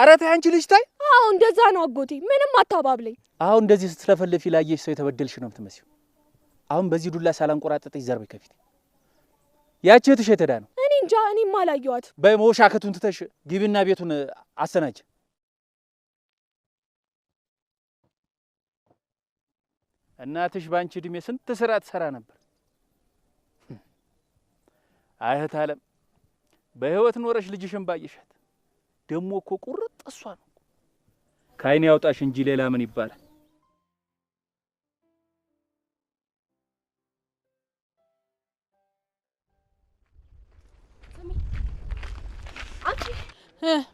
ኧረ ተይ አንቺ ልጅ ታይ። አዎ እንደዛ ነው አጎቴ፣ ምንም አታባብለኝ። አሁን እንደዚህ ስትለፈልፊ ላየሽ ሰው የተበደልሽ ነው የምትመስይው። አሁን በዚህ ዱላ ሳላንቆራጠጠች ዘርቤ ከፊቴ። ያቺ እህትሽ የተዳ ነው። እኔ እንጃ፣ እኔም አላየኋት። በመወሻከቱን ትተሽ ግቢና ቤቱን አሰናጅ። እናትሽ በአንቺ እድሜ ስንት ስራ ትሰራ ነበር። አይ እህት ዓለም በህይወት ኖረሽ ልጅሽን ባየሻት ደሞ እኮ ቁርጥ እሷ ነው። ከአይኔ ያውጣሽ እንጂ ሌላ ምን ይባላል?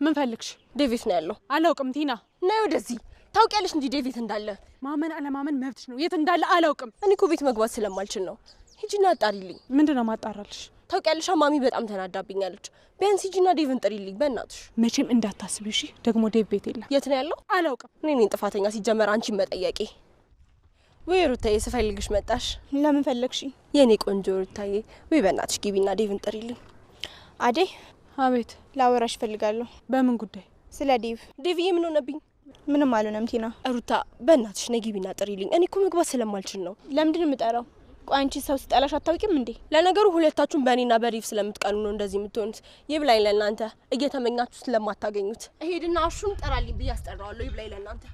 ምን ፈልግሽ? ዴቪት ነው ያለው። አላውቅም። ቲና ነይ ወደዚህ። ታውቂያለሽ እንጂ ዴቪት እንዳለ። ማመን አለማመን መብትሽ ነው። የት እንዳለ አላውቅም። እኔ እኮ ቤት መግባት ስለማልችል ነው። ሂጂና አጣሪልኝ። ምንድን ነው ማጣራልሽ? ታውቂያለሽ፣ ማሚ በጣም ተናዳብኛለች። ቢያንስ ሂጂና ዴቭን ጥሪልኝ በእናትሽ። መቼም እንዳታስብ እሺ። ደግሞ ዴቭ ቤት የለም። የት ነው ያለው? አላውቅም። እኔ እኔን ጥፋተኛ ሲጀመር አንቺን መጠየቄ። ወይ ሩታዬ፣ ስፈልግሽ መጣሽ። ለምን ፈለግሽ? የእኔ ቆንጆ ሩታዬ፣ ወይ በእናትሽ ግቢና ዴቭን ጥሪልኝ። አዴ። አቤት። ላወራሽ እፈልጋለሁ። በምን ጉዳይ? ስለ ዴቭ። ዴቭዬ፣ ምን ሆነብኝ? ምንም አልሆነም ቲና። ሩታ፣ በእናትሽ ነይ ግቢና ጥሪልኝ። እኔ እኮ መግባት ስለማልችል ነው። ለምንድን የምጠራው? አንቺ ሰው ስጠላሽ አታውቂም እንዴ? ለነገሩ ሁለታችሁም በእኔና በሪፍ ስለምትቀኑ ነው እንደዚህ የምትሆኑት። ይብላኝ ለእናንተ እየተመኛችሁ ስለማታገኙት። እሄድና አሹን ጠራልኝ ብዬ አስጠራዋለሁ። ይብላኝ ለእናንተ።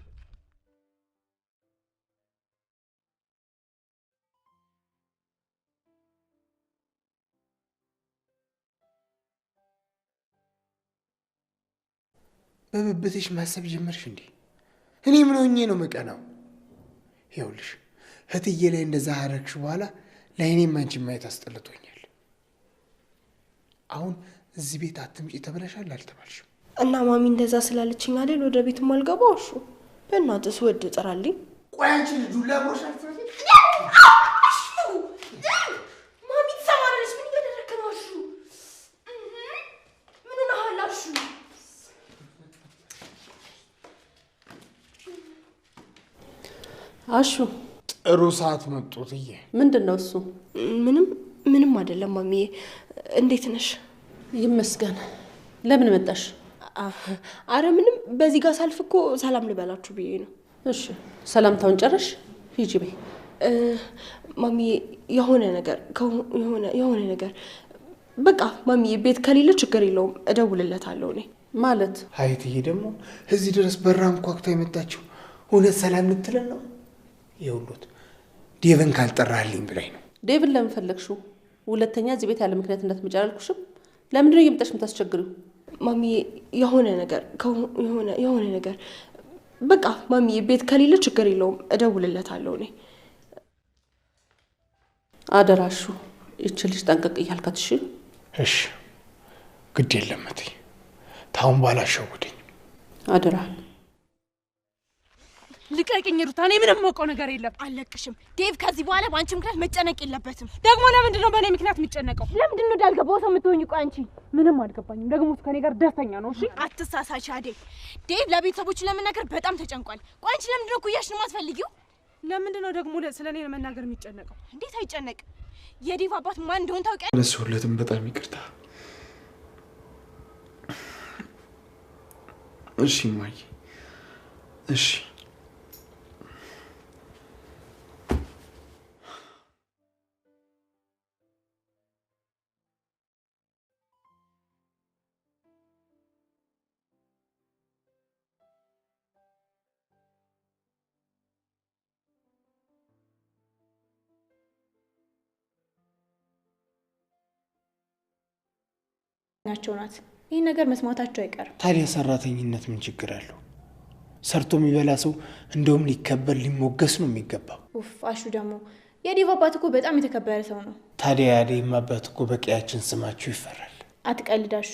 በብብትሽ ማሰብ ጀመርሽ እንዴ? እኔ ምን ሆኜ ነው መቀናው? ይኸውልሽ እህትዬ ላይ እንደዛ አደረግሽ በኋላ ለእኔም አንቺን ማየት አስጠልቶኛል። አሁን እዚህ ቤት አትምጪ ተብለሻል አልተባልሽም? እና ማሚ እንደዛ ስላለችኝ አይደል ወደ ቤት ማልገባው? እሹ በእናትስ ወድ ጥራልኝ። ቆይ አንቺ ልጁ ለብሮሽ አሹ ሩሳት መጡት። እዬ ምንድን ነው እሱ? ምንም ምንም አይደለም ማሚዬ። እንዴት ነሽ? ይመስገን። ለምን መጣሽ? አረ ምንም፣ በዚህ ጋር ሳልፍ እኮ ሰላም ልበላችሁ ብዬ ነው። እሺ፣ ሰላምታውን ጨረሽ? ሂጂ በይ። ማሚዬ የሆነ ነገር የሆነ ነገር በቃ ማሚዬ፣ ቤት ከሌለ ችግር የለውም እደውልለታለሁ እኔ ማለት። ሀይትዬ ደግሞ እዚህ ድረስ በራን ኳክታ የመጣችው እውነት ሰላም ልትለን ነው የውሉት ዴቭን ካልጠራህልኝ ብላኝ ነው። ዴቭን ለምን ፈለግሽው? ሁለተኛ እዚህ ቤት ያለ ምክንያት እንዳትመጪ አላልኩሽም? ለምንድነው እየመጣሽ የምታስቸግሪው? ማሚ የሆነ ነገር የሆነ ነገር በቃ ማሚ ቤት ከሌለ ችግር የለውም እደውልለታለሁ። እኔ አደራሹ ይች ልጅ ጠንቀቅ እያልካት እሺ፣ እሺ ግድ የለም እቴ፣ ታሁን ባላሸውድኝ አደራል ልቀቅኝ ሩታ፣ እኔ ምንም የማውቀው ነገር የለም። አልለቅሽም ዴቭ። ከዚህ በኋላ በአንቺ ምክንያት መጨነቅ የለበትም። ደግሞ ለምንድን ነው በእኔ ምክንያት የምጨነቀው? ለምንድን ነው እንዳልገባው ሰው የምትሆኝ? ቆይ አንቺ ምንም አልገባኝም። ደግሞ እሱ ጋር ደስተኛ ነው። እሺ አትሳሳች አዴ። ዴቭ ለቤተሰቦቹ ለመናገር በጣም ተጨንቋል። ቆይ አንቺ ለምንድን ነው ኩያሽ ነው የማትፈልጊው? ለምንድን ነው ደግሞ ስለ እኔ ለመናገር የሚጨነቀው? እንዴት አይጨነቅ? የዴቭ አባት ማን እንደሆን ታውቂያለሽ? ለሱለትም በጣም ይቅርታ። እሺ ማይ፣ እሺ ናቸው ናት። ይህ ነገር መስማታቸው አይቀርም። ታዲያ ሰራተኝነት ምን ችግር አለው? ሰርቶ የሚበላ ሰው እንደውም ሊከበር ሊሞገስ ነው የሚገባው። ኡፍ አሹ ደግሞ የዲቭ አባት እኮ በጣም የተከበረ ሰው ነው። ታዲያ የአደይም አባት እኮ በቀያችን ስማችሁ ይፈራል። አትቀልዳሹ።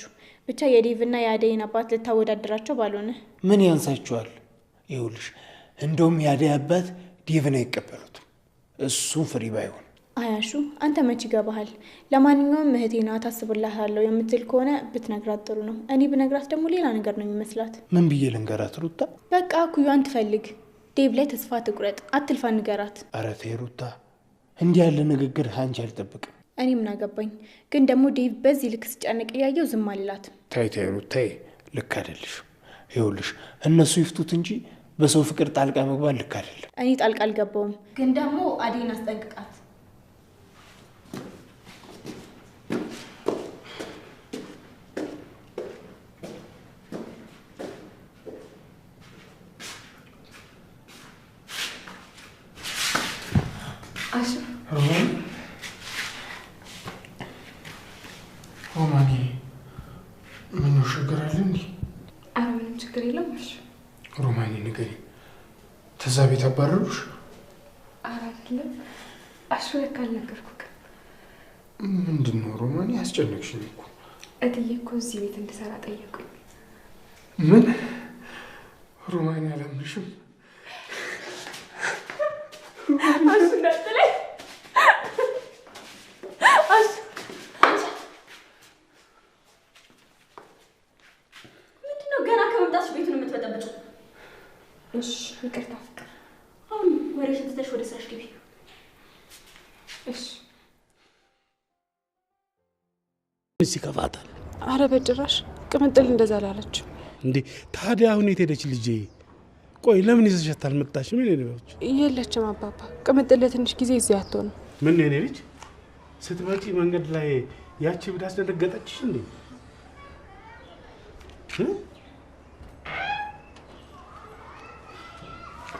ብቻ የዲቭና የአደይን አባት ልታወዳደራቸው ባልሆነ ምን ያንሳችኋል? ይኸውልሽ እንደውም የአደይ አባት ዴቭን አይቀበሉትም። እሱም ፍሪ ባይሆን አያሹ አንተ መች ይገባሃል። ለማንኛውም እህቴና ታስብላታለሁ የምትል ከሆነ ብትነግራት ጥሩ ነው። እኔ ብነግራት ደግሞ ሌላ ነገር ነው የሚመስላት። ምን ብዬ ልንገራት ሩታ? በቃ ኩያን ትፈልግ ዴብ ላይ ተስፋ ትቁረጥ፣ አትልፋ፣ ንገራት። ኧረ ተይ ሩታ፣ እንዲህ ያለ ንግግር አንቺ አልጠብቅም። እኔ ምን አገባኝ ግን ደግሞ ዴቭ በዚህ ልክ ስጨነቅ እያየው ዝም አልላት። ተይ ተይ ሩታ፣ ልክ አይደለሽ። ይኸውልሽ እነሱ ይፍቱት እንጂ በሰው ፍቅር ጣልቃ መግባት ልክ አይደለም። እኔ ጣልቃ አልገባውም፣ ግን ደግሞ አዴን አስጠንቅቃት ከዛ ቤት አባረሩሽ? ኧረ አይደለም። አሹ ለካ አልነገርኩህም። ምንድን ነው ሮማን፣ ያስጨነቅሽኝ እኮ። እትዬ እኮ እዚህ ቤት እንድሰራ ጠየቁኝ። ምን ሮማን፣ አላምንሽም ወይስ ይከፋታል? አረ በጭራሽ ቅምጥል እንደዛ ላለች እንዴ። ታዲያ አሁን የት ሄደች ልጄ? ቆይ ለምን ይዘሸት አልመጣሽ? ምን ኔ ሄደች? የለችም አባባ። ቅምጥል ለትንሽ ጊዜ እዚያ አትሆንም። ምን ኔ ልጅ ስትመጪ መንገድ ላይ ያቺ ብዳ አስደነገጠችሽ እንዴ?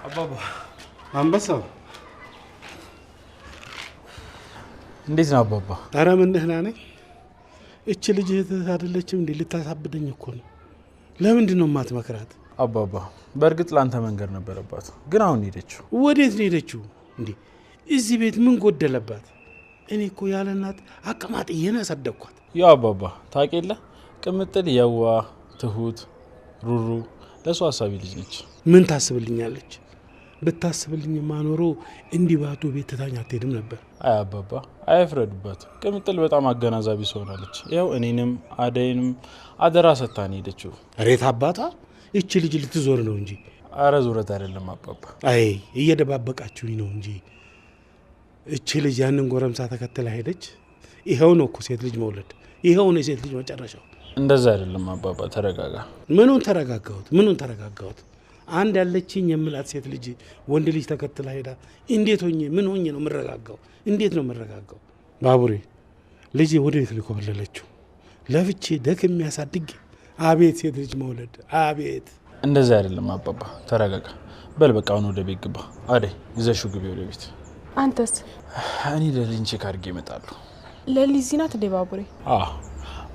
አባባ አንበሳው እንዴት ነው አባባ? አረ ምን ደህና ነኝ። እች ልጅ አይደለችም እንዴ? ልታሳብደኝ እኮ ነው። ለምንድን ነው የማትመክራት? አባባ በእርግጥ ለአንተ መንገድ ነበረባት፣ ግን አሁን ሄደችው። ወዴት ነው ሄደችው? እንዴ እዚህ ቤት ምን ጎደለባት? እኔ እኮ ያለ እናት አቀማጥዬን ያሳደግኳት። ያው አባባ ታውቅ የለ ቅምጥል የዋ ትሁት ሩሩ ለእሷ ሀሳቢ ልጅ ነች። ምን ታስብልኛለች? ብታስብልኝ ማኖሮ እንዲህ ባቱ ቤት ትታኝ አትሄድም ነበር። አይ አባባ አይፍረዱባት። ቅምጥል በጣም አገናዛቢ ሰሆናለች። ያው እኔንም አደይንም አደራ ሰታን ሄደችው። ሬት አባታ ይቺ ልጅ ልትዞር ነው እንጂ አረ ዙረት አይደለም አባባ። አይ እየደባበቃችሁኝ ነው እንጂ እቺ ልጅ ያንን ጎረምሳ ተከትላ ሄደች። ይኸው ነው እኮ ሴት ልጅ መውለድ፣ ይኸው ነው የሴት ልጅ መጨረሻው። እንደዛ አይደለም አባባ፣ ተረጋጋ። ምኑን ተረጋጋሁት? ምኑን ተረጋጋሁት? አንድ ያለችኝ የምላት ሴት ልጅ ወንድ ልጅ ተከትላ ሄዳ እንዴት ሆኜ ምን ሆኜ ነው የምረጋጋው? እንዴት ነው የምረጋጋው? ባቡሬ ልጅ ወደቤት ልኮበለለችው ለፍቼ ደክ የሚያሳድግ አቤት ሴት ልጅ መውለድ አቤት። እንደዚህ አይደለም አባባ፣ ተረጋጋ። በል በቃ አሁን ወደ ቤት ግባ። አደይ ይዘሽው ግቢ ወደ ቤት። አንተስ? እኔ ለሊን ቼክ አድርጌ እመጣለሁ። ለሊ እዚህ ናት እንዴ ባቡሬ?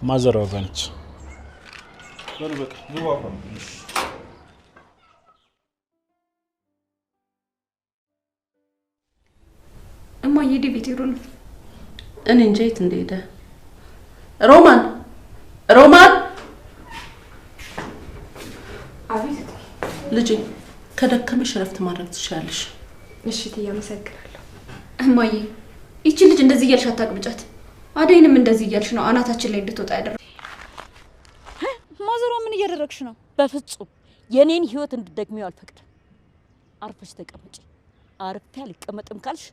ማዘር አብራ ነች። በቃ ግባ እማዬ ዲ ቤት ሄዱ ነው። እኔ እንጃ የት እንደሄደ። ሮማን ሮማን! አቤት ልጄ፣ ከደከመሽ እረፍት ማድረግ ትችላለሽ። እሺ እትዬ፣ አመሰግናለሁ። እማዬ፣ ይቺ ልጅ እንደዚህ እያልሽ አታቅብጫት። አደይንም እንደዚህ እያልሽ ነው አናታችን ላይ እንድትወጣ ያደረግሽ። ማዘሯ ምን እያደረግሽ ነው? በፍጹም የኔን ህይወት እንድትደግሚው አልፈቅድም። አርፈሽ ተቀመጪ። አርፌ አልቀመጥም ካልሽ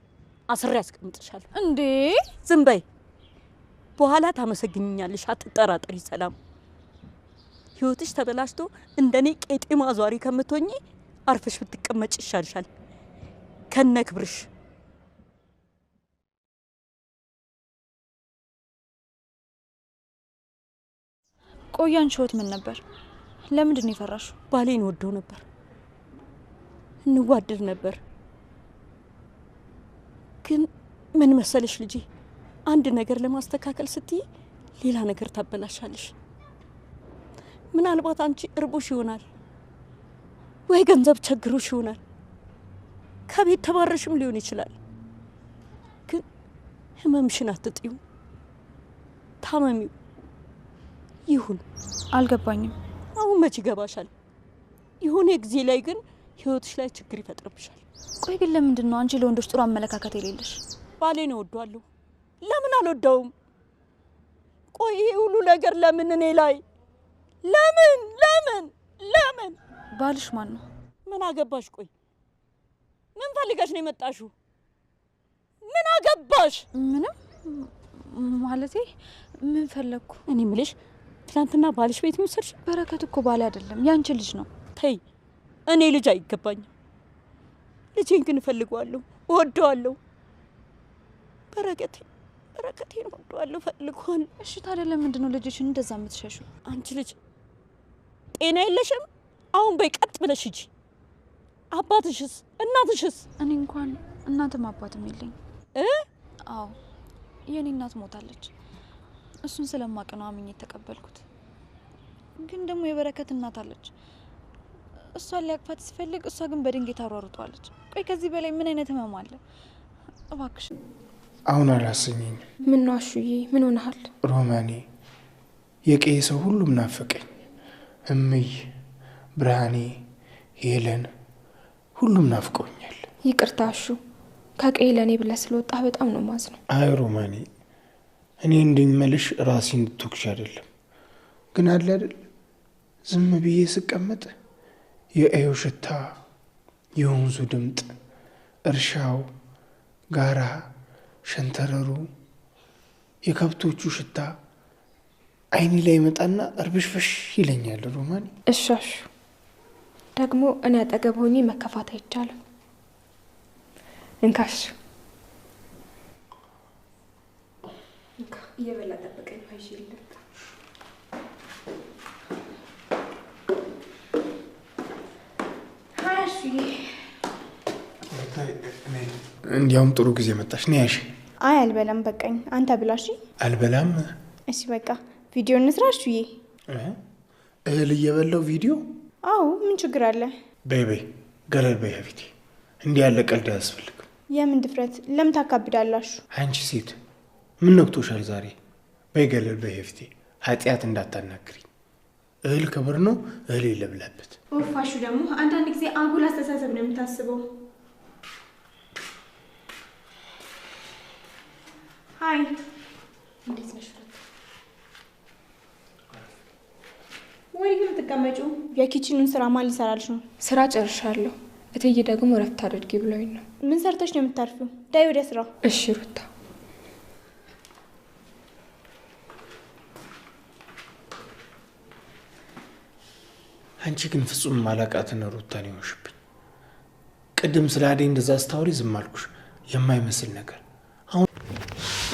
አስሬ አስቀምጥሻለሁ። እንዴ ዝም በይ፣ በኋላ ታመሰግኝኛለሽ። አትጠራጠሪ ሰላም። ህይወትሽ ተበላሽቶ እንደኔ ቄጤማ ዟሪ ከምትሆኚ አርፈሽ ብትቀመጭ ይሻልሻል ከነ ክብርሽ። ቆያን ሽወት ምን ነበር? ለምንድን ነው የፈራሽው? ባሌን ወደው ነበር፣ እንዋደድ ነበር ግን ምን መሰለሽ ልጄ፣ አንድ ነገር ለማስተካከል ስትይ ሌላ ነገር ታበላሻለሽ። ምናልባት አንቺ እርቦሽ ይሆናል ወይ ገንዘብ ቸግሮሽ ይሆናል ከቤት ተባረሽም ሊሆን ይችላል። ግን ህመምሽን አትጥዩ፣ ታመሚው ይሁን። አልገባኝም። አሁን መች ይገባሻል። የሆነ ጊዜ ላይ ግን ህይወትሽ ላይ ችግር ይፈጥርብሻል። ቆይ ግን ለምንድን ነው አንቺ ለወንዶች ጥሩ አመለካከት የሌለሽ? ባሌን እወዷለሁ፣ ለምን አልወደውም? ቆይ ይሄ ሁሉ ነገር ለምን እኔ ላይ ለምን ለምን ለምን? ባልሽ ማን ነው? ምን አገባሽ? ቆይ ምን ፈልገሽ ነው የመጣሽው? ምን አገባሽ? ምንም ማለቴ ምን ፈለግኩ? እኔ ምልሽ ትናንትና ባልሽ ቤት መሰልሽ? በረከት እኮ ባል አይደለም ያንቺ ልጅ ነው። ተይ እኔ ልጅ አይገባኝም። ልጄን ግን እፈልገዋለሁ፣ እወደዋለሁ። በረከቴ በረከቴን እወደዋለሁ፣ እፈልገዋለሁ። እሺ ታዲያ ለምንድን ነው ልጅሽን እንደዛ የምትሸሹ? አንቺ ልጅ ጤና የለሽም። አሁን በይ ቀጥ ብለሽ ሂጂ። አባትሽስ እናትሽስ? እኔ እንኳን እናትም አባትም የለኝ። አዎ የእኔ እናት ሞታለች። እሱን ስለማቅ ነው አምኜ የተቀበልኩት። ግን ደግሞ የበረከት እናት አለች። እሷን ሊያቅፋት ሲፈልግ እሷ ግን በድንጋይ ታሯሩጠዋለች። ቆይ ከዚህ በላይ ምን አይነት ህመም አለ? እባክሽ አሁን አላስኝኝ። ምን ነው አሹዬ፣ ምን ሆነሃል? ሮማኔ፣ የቀይ ሰው ሁሉም ናፈቀኝ። እምይ፣ ብርሃኔ፣ ሄለን ሁሉም ናፍቆኛል። ይቅርታ አሹ፣ ከቀይ ለእኔ ብለህ ስለወጣ በጣም ነው ማዝነው። አይ ሮማኔ፣ እኔ እንድመልሽ ራሴ እንድትወቅሽ አይደለም ግን አለ አይደል ዝም ብዬ ስቀመጥ የኤው ሽታ የወንዙ ድምጥ፣ እርሻው፣ ጋራ፣ ሸንተረሩ፣ የከብቶቹ ሽታ አይኔ ላይ መጣና እርብሽፍሽ ይለኛል። ሮማን እሻሹ ደግሞ እኔ አጠገብ ሆኜ መከፋት አይቻልም። እንካሽ እየበላ ጠብቀኝ። ሀያ እንዲያውም ጥሩ ጊዜ መጣሽ። ነያሽ። አይ አልበላም፣ በቃኝ። አንተ ብላሽ። አልበላም። እሺ በቃ ቪዲዮ እንስራሽ። ዬ እህል እየበላው ቪዲዮ? አዎ ምን ችግር አለ? በይ በይ፣ ገለል በይ ከፊቴ። እንዲህ ያለ ቀልድ አያስፈልግም። የምን ድፍረት! ለምን ታካብዳላችሁ? አንቺ ሴት ምን ነግቶሻል ዛሬ? በይ ገለል በይ ከፊቴ። ኃጢአት እንዳታናግሪ። እህል ክብር ነው። እህል የለብላበት። ወፋሹ ደግሞ አንዳንድ ጊዜ አጉል አስተሳሰብ ነው የምታስበው። ሀይ፣ እንዴት ነሽ? ወይ ግን የምትቀመጪው የኪችኑን ስራ ማን ሊሰራልሽ ነው? ስራ ጨርሻለሁ። እትዬ ደግሞ እረፍት አድርጊ ብለውኝ ነው። ምን ሰርተሽ ነው የምታርፊው? ዳይ ወደ ስራው። እሺ ሩታ አንቺ ግን ፍጹም ማላቃትን ሩታን ይሆንሽብኝ። ቅድም ስለ አደይ እንደዛ አስታውሪ ዝም አልኩሽ። የማይመስል ነገር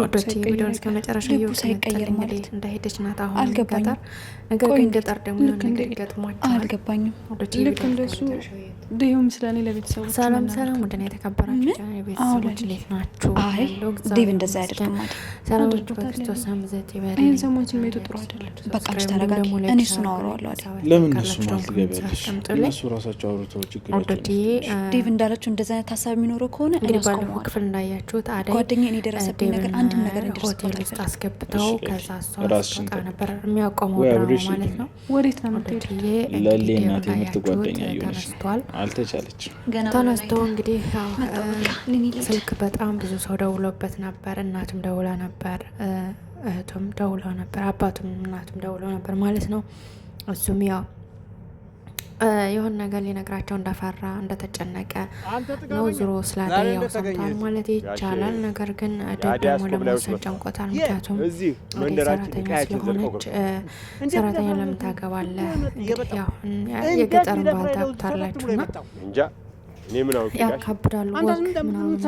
ወዶች ቪዲዮን እስከ መጨረሻ እየወሰነጠል እንግዲህ እንደሄደች ናት። አሁን ገጠር ነገር ግን ገጠር ደግሞ ነገር አልገባኝም ልክ እንደሱ ሰላም ሰላም፣ የተከበራችሁ ቤተሰቦች እንዴት ናችሁ? ዴቭ እንደዛ በክርስቶስ ምዘት ይበል። ይህን ሰሞን ስሜቱ ጥሩ አይደለም። በቃ ተረጋጊ። እኔ እሱን አወራዋለሁ አይደል? ለምን እሱ ራሳቸው አውርተው ችግር ዴቭ እንዳለችው እንደዚ አይነት ሀሳብ የሚኖረው ከሆነ ባለፈው ክፍል እንዳያችሁት ጓደኛ እኔ ደረሰብኝ ነገር ነገር አንድ ነገር ሆቴል ውስጥ አስገብተው ከዛ እሷ ስትወጣ ነበር የሚያቆመው ማለት ነው። ወዴት ነው ምትሄድ? ለሌናት የምት ጓደኛ ተነስቷል። አልተቻለች ተነስቶ እንግዲህ ስልክ በጣም ብዙ ሰው ደውሎበት ነበር። እናትም ደውላ ነበር፣ እህቱም ደውላ ነበር፣ አባቱም እናቱም ደውለው ነበር ማለት ነው። እሱም ያው የሆን ነገር ሊነግራቸው እንዳፈራ እንደተጨነቀ ነው። ዞሮ ስላለ ያው ሰምቷል ማለት ይቻላል። ነገር ግን ደብ ደግሞ ለመውሰድ ጨንቆታል። ምክንያቱም እንግዲህ ሰራተኛ ስለሆነች ሰራተኛ ለምን ታገባለህ? እንግዲህ ያው የገጠርን ባህል ታውቁታላችሁ ያካብዳሉ ወግ ምናምን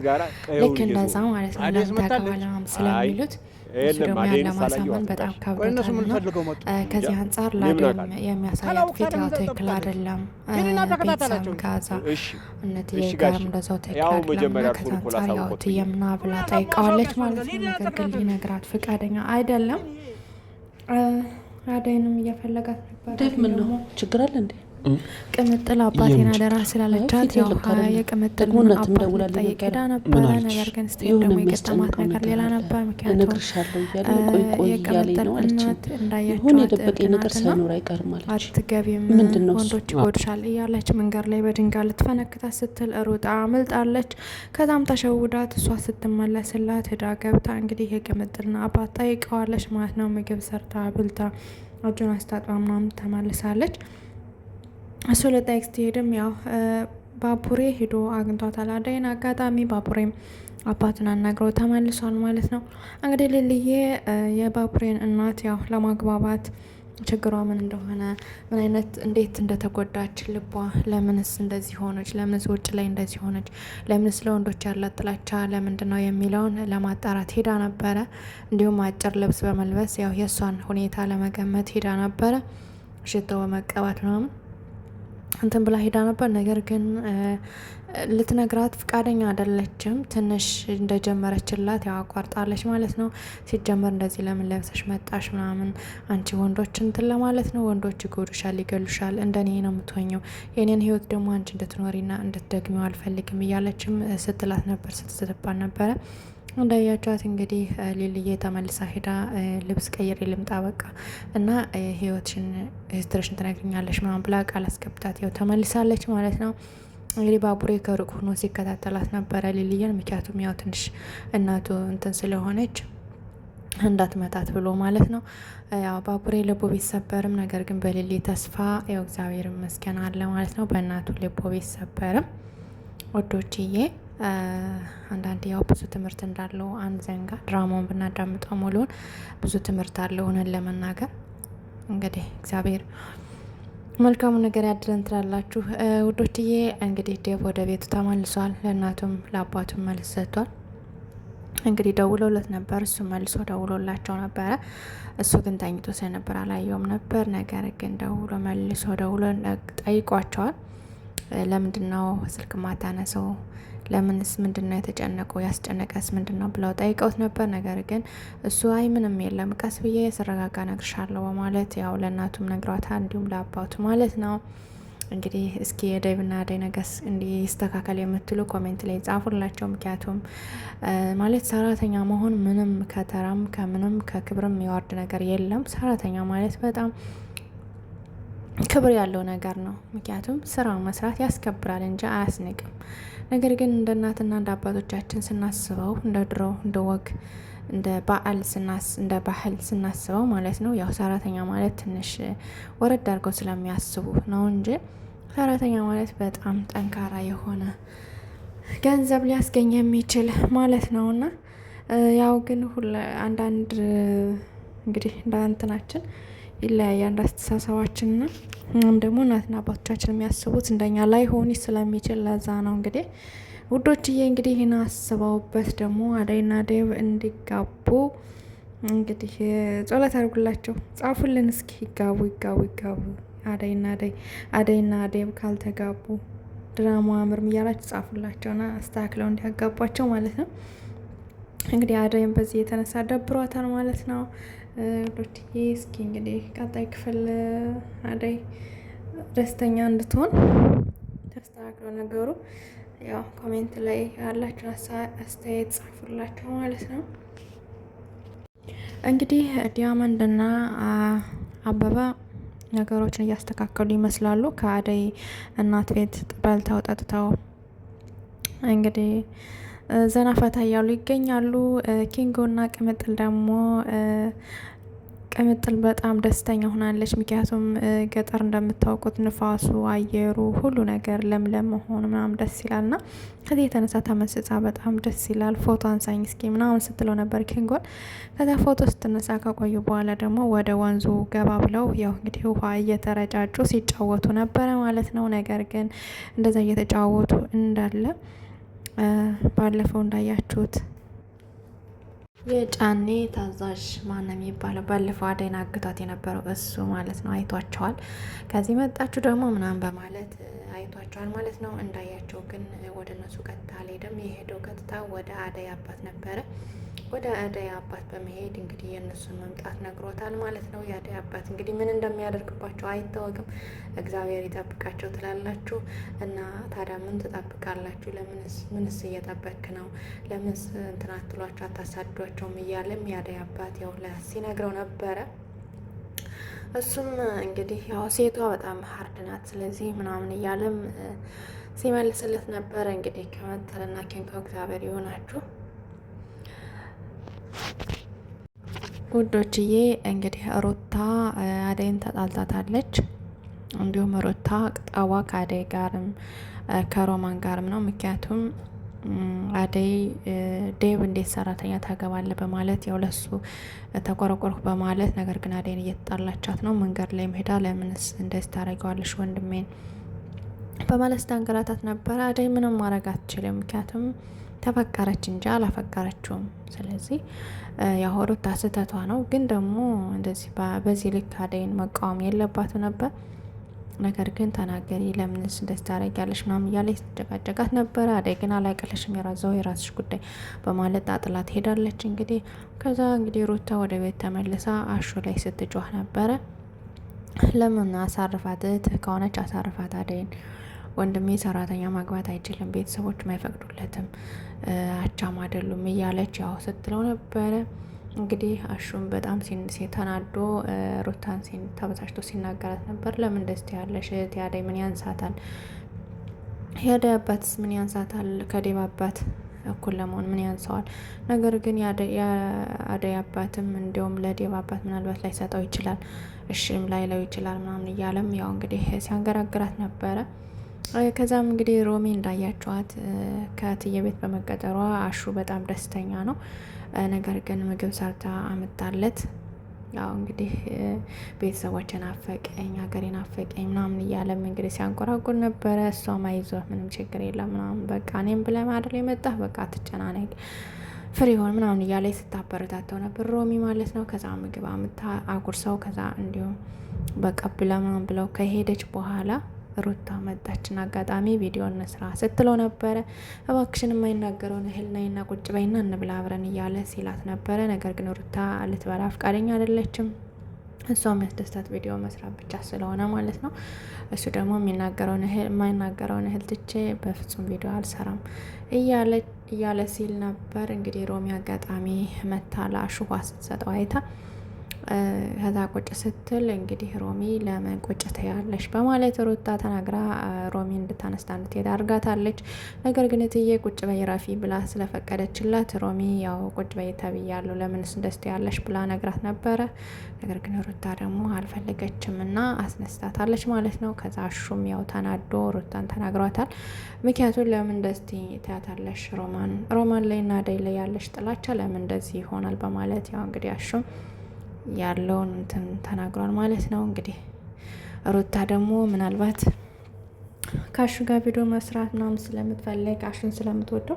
ይባላል። ልክ እንደዛ ማለት ነው። ለምን ታገባለህ ምናምን ስለሚሉት ሱዳማውያን ለማሳመን በጣም ከብዶታልና ከዚህ አንጻር ላደም የሚያሳያት ቪዲዮ ትክክል አይደለም። ቤተሰብ ጋዛ እነት የጋርም እንደዛው ትክክል አይደለም። ከዚህ አንጻር ያው ትየምና ብላ ጠይቀዋለች ማለት ነው። ነገር ግን ሊነግራት ፈቃደኛ አይደለም። አደይንም እየፈለጋት ነበር። ችግር አለ እንዴ? ቅምጥል አባቴን አደራ ስላለቻት የቅምጥል አባት ጠይቅ ነበረ። ነገር ግን ስትሄድ ደግሞ የገጠማት ነገር ሌላ ነበር። ምክንያቱም የቅምጥል እናት እንዳያቸዋት አትገቢም፣ ወንዶች ይጎድሻል እያለች መንገድ ላይ በድንጋይ ልትፈነክታት ስትል ሩጣ አምልጣለች። ከዛም ተሸውዳት እሷ ስትመለስላት ሄዳ ገብታ እንግዲህ የቅምጥልና አባት ጠይቀዋለች ማለት ነው። ምግብ ሰርታ ብልታ እጁን አስታጥባ ምናምን ተመልሳለች። እሱ ለቴክስት ሄድም ያው ባቡሬ ሄዶ አግኝቷታል አዳይን። አጋጣሚ ባቡሬም አባቱን አናግሮ ተመልሷል ማለት ነው። እንግዲህ ልልዬ የባቡሬን እናት ያው ለማግባባት ችግሯ ምን እንደሆነ ምን አይነት እንዴት እንደተጎዳች ልቧ ለምንስ እንደዚህ ሆነች፣ ለምንስ ውጭ ላይ እንደዚህ ሆነች፣ ለምንስ ለወንዶች ያላት ጥላቻ ለምንድን ነው የሚለውን ለማጣራት ሄዳ ነበረ። እንዲሁም አጭር ልብስ በመልበስ ያው የእሷን ሁኔታ ለመገመት ሄዳ ነበረ ሽቶ በመቀባት ምናምን እንትን ብላ ሄዳ ነበር። ነገር ግን ልትነግራት ፍቃደኛ አይደለችም። ትንሽ እንደጀመረችላት ያው አቋርጣለች ማለት ነው። ሲጀመር እንደዚህ ለምን ለብሰሽ መጣሽ ምናምን፣ አንቺ ወንዶች እንትን ለማለት ነው። ወንዶች ይጎዱሻል፣ ይገሉሻል፣ እንደኔ ነው የምትሆኘው። የኔን ህይወት ደግሞ አንቺ እንድትኖሪና እንድትደግሚው አልፈልግም እያለችም ስትላት ነበር፣ ስትስባል ነበረ እንዳያቸዋት እንግዲህ ሊልዬ ተመልሳ ሄዳ ልብስ ቀይሬ ልምጣ በቃ እና ህይወትሽን ሂስትሪሽን ትነግሪኛለሽ ምናምን ብላ ቃል አስገብታት ያው ተመልሳለች ማለት ነው። እንግዲህ ባቡሬ ከሩቅ ሆኖ ሲከታተላት ነበረ ሊልየን። ምክንያቱም ያው ትንሽ እናቱ እንትን ስለሆነች እንዳትመጣት ብሎ ማለት ነው። ያው ባቡሬ ልቦ ቢሰበርም ነገር ግን በሊሊ ተስፋ ያው እግዚአብሔር ይመስገን አለ ማለት ነው። በእናቱ ልቦ ቢሰበርም ወዶችዬ አንዳንድ ያው ብዙ ትምህርት እንዳለው አንዘንጋ ድራማውን ብናዳምጠው ሙሉውን ብዙ ትምህርት አለው። ሆነን ለመናገር እንግዲህ እግዚአብሔር መልካሙ ነገር ያድለን ትላላችሁ ውዶችዬ። እንግዲህ ዴቭ ወደ ቤቱ ተመልሷል። ለእናቱም ለአባቱም መልስ ሰጥቷል። እንግዲህ ደውለውለት ነበር። እሱ መልሶ ደውሎላቸው ነበረ። እሱ ግን ተኝቶ ስለነበር አላየውም ነበር። ነገር ግን ደውሎ መልሶ ደውሎ ጠይቋቸዋል። ለምንድን ነው ስልክ ማታነሰው ለምንስ ምንድን ነው የተጨነቀው ያስጨነቀስ ምንድን ነው ብለው ጠይቀውት ነበር። ነገር ግን እሱ አይ ምንም የለም ቀስ ብዬ የስረጋጋ ነግርሻለሁ በማለት ያው ለእናቱም ነግሯታል፣ እንዲሁም ለአባቱ ማለት ነው። እንግዲህ እስኪ የደብና አደይ ነገስ እንዲህ ይስተካከል የምትሉ ኮሜንት ላይ ጻፉላቸው። ምክንያቱም ማለት ሰራተኛ መሆን ምንም ከተራም ከምንም ከክብርም የዋርድ ነገር የለም። ሰራተኛ ማለት በጣም ክብር ያለው ነገር ነው። ምክንያቱም ስራውን መስራት ያስከብራል እንጂ አያስንቅም። ነገር ግን እንደ እናትና እንደ አባቶቻችን ስናስበው እንደ ድሮ እንደ ወግ እንደ በዓል እንደ ባህል ስናስበው ማለት ነው ያው ሰራተኛ ማለት ትንሽ ወረድ አድርገው ስለሚያስቡ ነው እንጂ ሰራተኛ ማለት በጣም ጠንካራ የሆነ ገንዘብ ሊያስገኝ የሚችል ማለት ነው እና ያው ግን አንዳንድ እንግዲህ እንደ እንትናችን ይለያያል አስተሳሰባችንና ደግሞ እናትና አባቶቻችን የሚያስቡት እንደኛ ላይሆን ስለሚችል ለዛ ነው እንግዲህ ውዶችዬ እንግዲህ ይህን አስበውበት ደግሞ አደይና ዴቭ እንዲጋቡ እንግዲህ ጸሎት አድርጉላቸው፣ ጻፉልን እስኪ ይጋቡ ይጋቡ ይጋቡ። አደይና አደይ አደይና ዴቭ ካልተጋቡ ድራማ ምርም እያላችሁ ጻፉላቸውና አስተካክለው እንዲያጋቧቸው ማለት ነው። እንግዲህ አደይም በዚህ የተነሳ ደብሯታል ማለት ነው። ዶትዬ እስኪ እንግዲህ ቀጣይ ክፍል አደይ ደስተኛ እንድትሆን ተስተካክሎ ነገሩ ያው ኮሜንት ላይ ያላችሁን አስተያየት ጻፉላችሁ ማለት ነው። እንግዲህ ዲያመንድና አበባ ነገሮችን እያስተካከሉ ይመስላሉ። ከአደይ እናት ቤት ጥበል ተውጠጥተው እንግዲህ ዘና ፈታ እያሉ ይገኛሉ። ኪንጎና ቅምጥል ደግሞ ቅምጥል በጣም ደስተኛ ሆናለች። ምክንያቱም ገጠር እንደምታውቁት ንፋሱ፣ አየሩ፣ ሁሉ ነገር ለምለም መሆኑ ምናምን ደስ ይላል እና ከዚህ የተነሳ ተመስጻ በጣም ደስ ይላል። ፎቶ አንሳኝ እስኪ ምናምን ስትለው ነበር ኪንጎን። ከዚያ ፎቶ ስትነሳ ከቆዩ በኋላ ደግሞ ወደ ወንዙ ገባ ብለው ያው እንግዲህ ውሃ እየተረጫጩ ሲጫወቱ ነበረ ማለት ነው። ነገር ግን እንደዛ እየተጫወቱ እንዳለ ባለፈው እንዳያችሁት የጫኔ ታዛዥ ማን ነው የሚባለው? ባለፈው አደይን አግቷት የነበረው እሱ ማለት ነው። አይቷቸዋል። ከዚህ መጣችሁ ደግሞ ምናምን በማለት አይቷቸዋል ማለት ነው። እንዳያቸው ግን ወደ እነሱ ቀጥታ አልሄደም። የሄደው ቀጥታ ወደ አደይ አባት ነበረ። ወደ አደይ አባት በመሄድ እንግዲህ የእነሱን መምጣት ነግሮታል ማለት ነው። የአደይ አባት እንግዲህ ምን እንደሚያደርግባቸው አይታወቅም። እግዚአብሔር ይጠብቃቸው ትላላችሁ እና ታዲያ ምን ትጠብቃላችሁ? ምንስ እየጠበክ ነው? ለምንስ እንትናትሏቸው አታሳዷቸውም? እያለም የአደይ አባት ያው ሲነግረው ነበረ እሱም እንግዲህ ያው ሴቷ በጣም ሀርድ ናት፣ ስለዚህ ምናምን እያለም ሲመልስለት ነበረ። እንግዲህ ከመተልና ኬንቶ እግዚአብሔር ይሆናችሁ ውዶችዬ። እንግዲህ ሩታ አደይን ተጣልታታለች። እንዲሁም ሩታ ቅጣዋ ከአደይ ጋርም ከሮማን ጋርም ነው ምክንያቱም አደይ ዴብ እንዴት ሰራተኛ ታገባለ በማለት ያው ለሱ ተቆረቆርኩ በማለት ነገር ግን አደይን እየተጣላቻት ነው። መንገድ ላይ መሄዳ ለምንስ እንደዚህ ታደርጊዋለሽ ወንድሜን በማለት ስታንገላታት ነበረ። አደይ ምንም ማድረግ አትችልም፣ ምክንያቱም ተፈቀረች እንጂ አላፈቀረችውም። ስለዚህ ያወሩት ስህተቷ ነው፣ ግን ደግሞ እንደዚህ በዚህ ልክ አደይን መቃወም የለባትም ነበር። ነገር ግን ተናገሪ፣ ለምን እንደዚህ ታደርጊያለሽ? ምናምን እያለች ስትጨቃጨቃት ነበረ። አደይ ግን አላቀለሽም፣ የራዛው የራስሽ ጉዳይ በማለት አጥላት ሄዳለች። እንግዲህ ከዛ እንግዲህ ሩታ ወደ ቤት ተመልሳ አሹ ላይ ስትጮህ ነበረ። ለምን አሳርፋት፣ ከሆነች አሳርፋት አደይን ወንድሜ ሰራተኛ ማግባት አይችልም፣ ቤተሰቦች አይፈቅዱለትም፣ አቻም አይደሉም እያለች ያው ስትለው ነበረ። እንግዲህ አሹም በጣም ተናዶ ሩታን ተበሳጭቶ ሲናገራት ነበር። ለምን ደስት ያለሽ ያዳይ ምን ያንሳታል? ያዳይ አባትስ ምን ያንሳታል? ከዴብ አባት እኩል ለመሆን ምን ያንሰዋል? ነገር ግን የአደይ አባትም እንዲሁም ለዴብ አባት ምናልባት ላይ ሰጠው ይችላል፣ እሽም ላይ ለው ይችላል ምናምን እያለም ያው እንግዲህ ሲያንገራግራት ነበረ። ከዛም እንግዲህ ሮሚ እንዳያቸዋት ከትየ ቤት በመቀጠሯ አሹ በጣም ደስተኛ ነው። ነገር ግን ምግብ ሰርታ አመጣለት። ያው እንግዲህ ቤተሰቦችን ናፈቀኝ፣ ሀገሬ ናፈቀኝ ምናምን እያለም እንግዲህ ሲያንጎራጉር ነበረ። እሷም አይዞህ ምንም ችግር የለም ምናምን በቃ እኔም ብለህ ማድረግ የመጣህ በቃ አትጨናነቅ ፍሪ ሆን ምናምን እያለ ስታበረታተው ነበር ሮሚ ማለት ነው። ከዛ ምግብ አምታ አጉርሰው ከዛ እንዲሁም በቀብለ ምናምን ብለው ከሄደች በኋላ ሩታ መጣችን፣ አጋጣሚ ቪዲዮ እንስራ ስትለው ነበረ። እባክሽን የማይናገረውን እህል ነይና ቁጭ በይና እንብላ አብረን እያለ ሲላት ነበረ። ነገር ግን ሩታ ልትበላ ፍቃደኛ አይደለችም። እሷ የሚያስደስታት ቪዲዮ መስራት ብቻ ስለሆነ ማለት ነው። እሱ ደግሞ የሚናገረውን እህል የማይናገረውን እህል ትቼ በፍጹም ቪዲዮ አልሰራም እያለ ሲል ነበር። እንግዲህ ሮሚ አጋጣሚ መታ ላሹ ስትሰጠው አይታ ከዛ ቁጭ ስትል እንግዲህ ሮሚ ለምን ቁጭ ትያለሽ በማለት ሩታ ተናግራ ሮሚ እንድታነስታ እንድትሄድ አድርጋታለች። ነገር ግን እትዬ ቁጭ በይ ረፊ ብላ ስለፈቀደችላት ሮሚ ያው ቁጭ በይ ተብያለሁ ለምንስ ደስት ያለሽ ብላ ነግራት ነበረ። ነገር ግን ሩታ ደግሞ አልፈለገችም እና አስነስታታለች ማለት ነው። ከዛ ሹም ያው ተናዶ ሩታን ተናግሯታል። ምክንያቱም ለምን ደስቲ ትያታለሽ ሮማን ሮማን ላይ እና አደይ ላይ ያለሽ ጥላቻ ለምን እንደዚህ ይሆናል በማለት ያው እንግዲህ አሹም ያለውን እንትን ተናግሯል ማለት ነው። እንግዲህ ሩታ ደግሞ ምናልባት ከአሹ ጋር ቪዲዮ መስራት ምናምን ስለምትፈልግ አሹን ስለምትወደው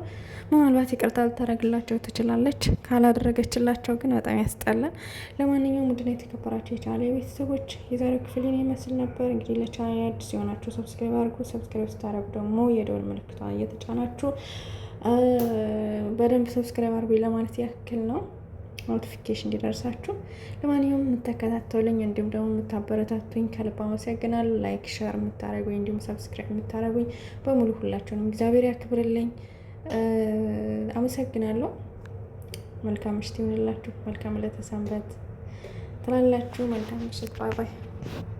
ምናልባት ይቅርታ ልታደረግላቸው ትችላለች። ካላደረገችላቸው ግን በጣም ያስጠላል። ለማንኛውም ውድና የተከበራቸው የቻለ የቤተሰቦች የዛሬው ክፍል ይመስል ነበር። እንግዲህ ለቻናል አዲስ የሆናችሁ ሰብስክራይብ አድርጉ። ሰብስክራይብ ስታደርጉ ደግሞ የደወል ምልክቷን እየተጫናችሁ በደንብ ሰብስክራይብ አድርጉ ለማለት ያክል ነው። ኖቲፊኬሽን እንዲደርሳችሁ። ለማንኛውም የምትከታተሉኝ እንዲሁም ደግሞ የምታበረታቱኝ ከልብ አመሰግናለሁ። ላይክ፣ ሸር የምታደረጉኝ እንዲሁም ሰብስክራይብ የምታደረጉኝ በሙሉ ሁላችሁንም እግዚአብሔር ያክብርልኝ። አመሰግናለሁ። መልካም ምሽት ይሁንላችሁ። መልካም ዕለተ ሰንበት ትላላችሁ። መልካም ምሽት። ባይ ባይ።